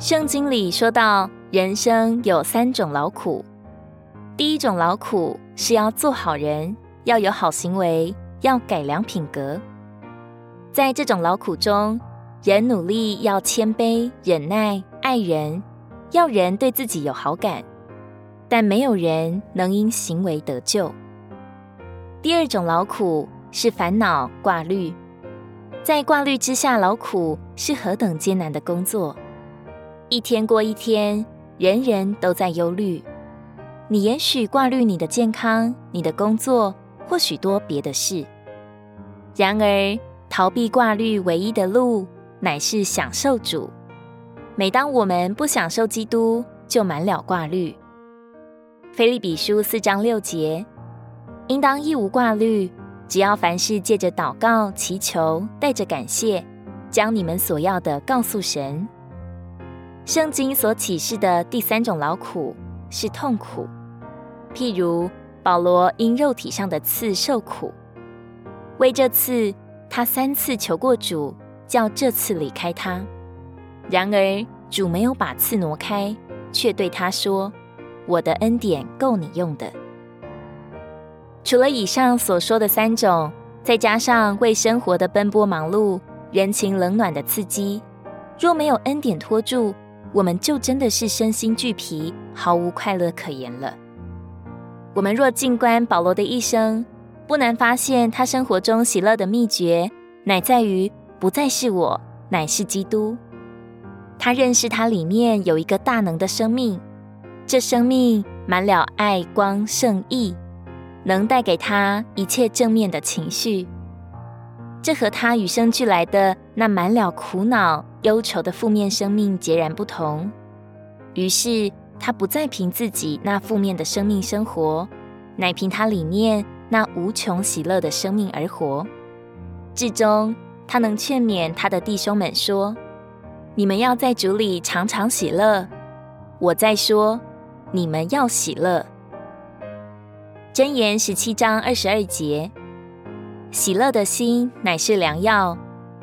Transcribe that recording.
聖經裡說到，人生有三種勞苦。第一種勞苦是要做好人，要有好行為，要改良品格。在這種勞苦中，人努力要謙卑、忍耐、愛人，要人對自己有好感，但沒有人能因行為得救。第二種勞苦是煩惱、掛慮，在掛慮之下，勞苦是何等艱難的工作。一天過一天，人人都在憂慮。你也許掛慮你的健康、你的工作或許多別的事。然而，逃避掛慮唯一的路，乃是享受主。每當我們不享受基督，就滿了掛慮。腓立比書四章六節，應當一無掛慮，只要凡事借着禱告、祈求，帶着感謝，將你們所要的告訴神。聖經所啟示的第三種勞苦是痛苦，譬如保羅因肉體上的刺受苦，為這刺他三次求過主，叫這刺離開他。然而主沒有把刺挪開，卻對他說：“我的恩典夠你用的。”除了以上所說的三種，再加上為生活的奔波忙碌、人情冷暖的刺激，若沒有恩典托住。我們就真的是身心俱疲，毫無快樂可言了。我們若靜觀保羅的一生，不難發現他生活中喜樂的秘訣，乃在於不再是我，乃是基督。他認識他裡面有一個大能的生命，這生命滿了愛、光、聖意，能帶給他一切正面的情緒。這和他與生俱來的那滿了苦惱、憂愁的負面生命截然不同。於是他不再憑自己那負面的生命生活，乃憑他裡面那無窮喜樂的生命而活。至終他能勸勉他的弟兄們說：“你們要在主裡常常喜樂。我再說，你們要喜樂。”箴言十七章二十二節：喜樂的心乃是良藥。